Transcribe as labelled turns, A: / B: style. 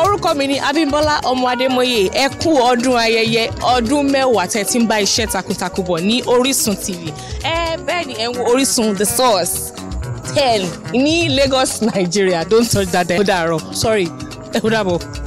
A: orúkọ mi ni Abímbọ́lá ọmọ Adémọ́yè ẹ kú ọdún ayẹyẹ ọdún mẹ́wàá tẹ́ ti ń bá iṣẹ́ takuntakun bọ̀ ní Orísun TV ẹ bẹ́ẹ̀ ni ẹ ń wo Orísun The Source ten ní Lagos Nigeria don't touch that ẹ ó dàárọ̀ sorry ẹ ó
B: dàbọ̀.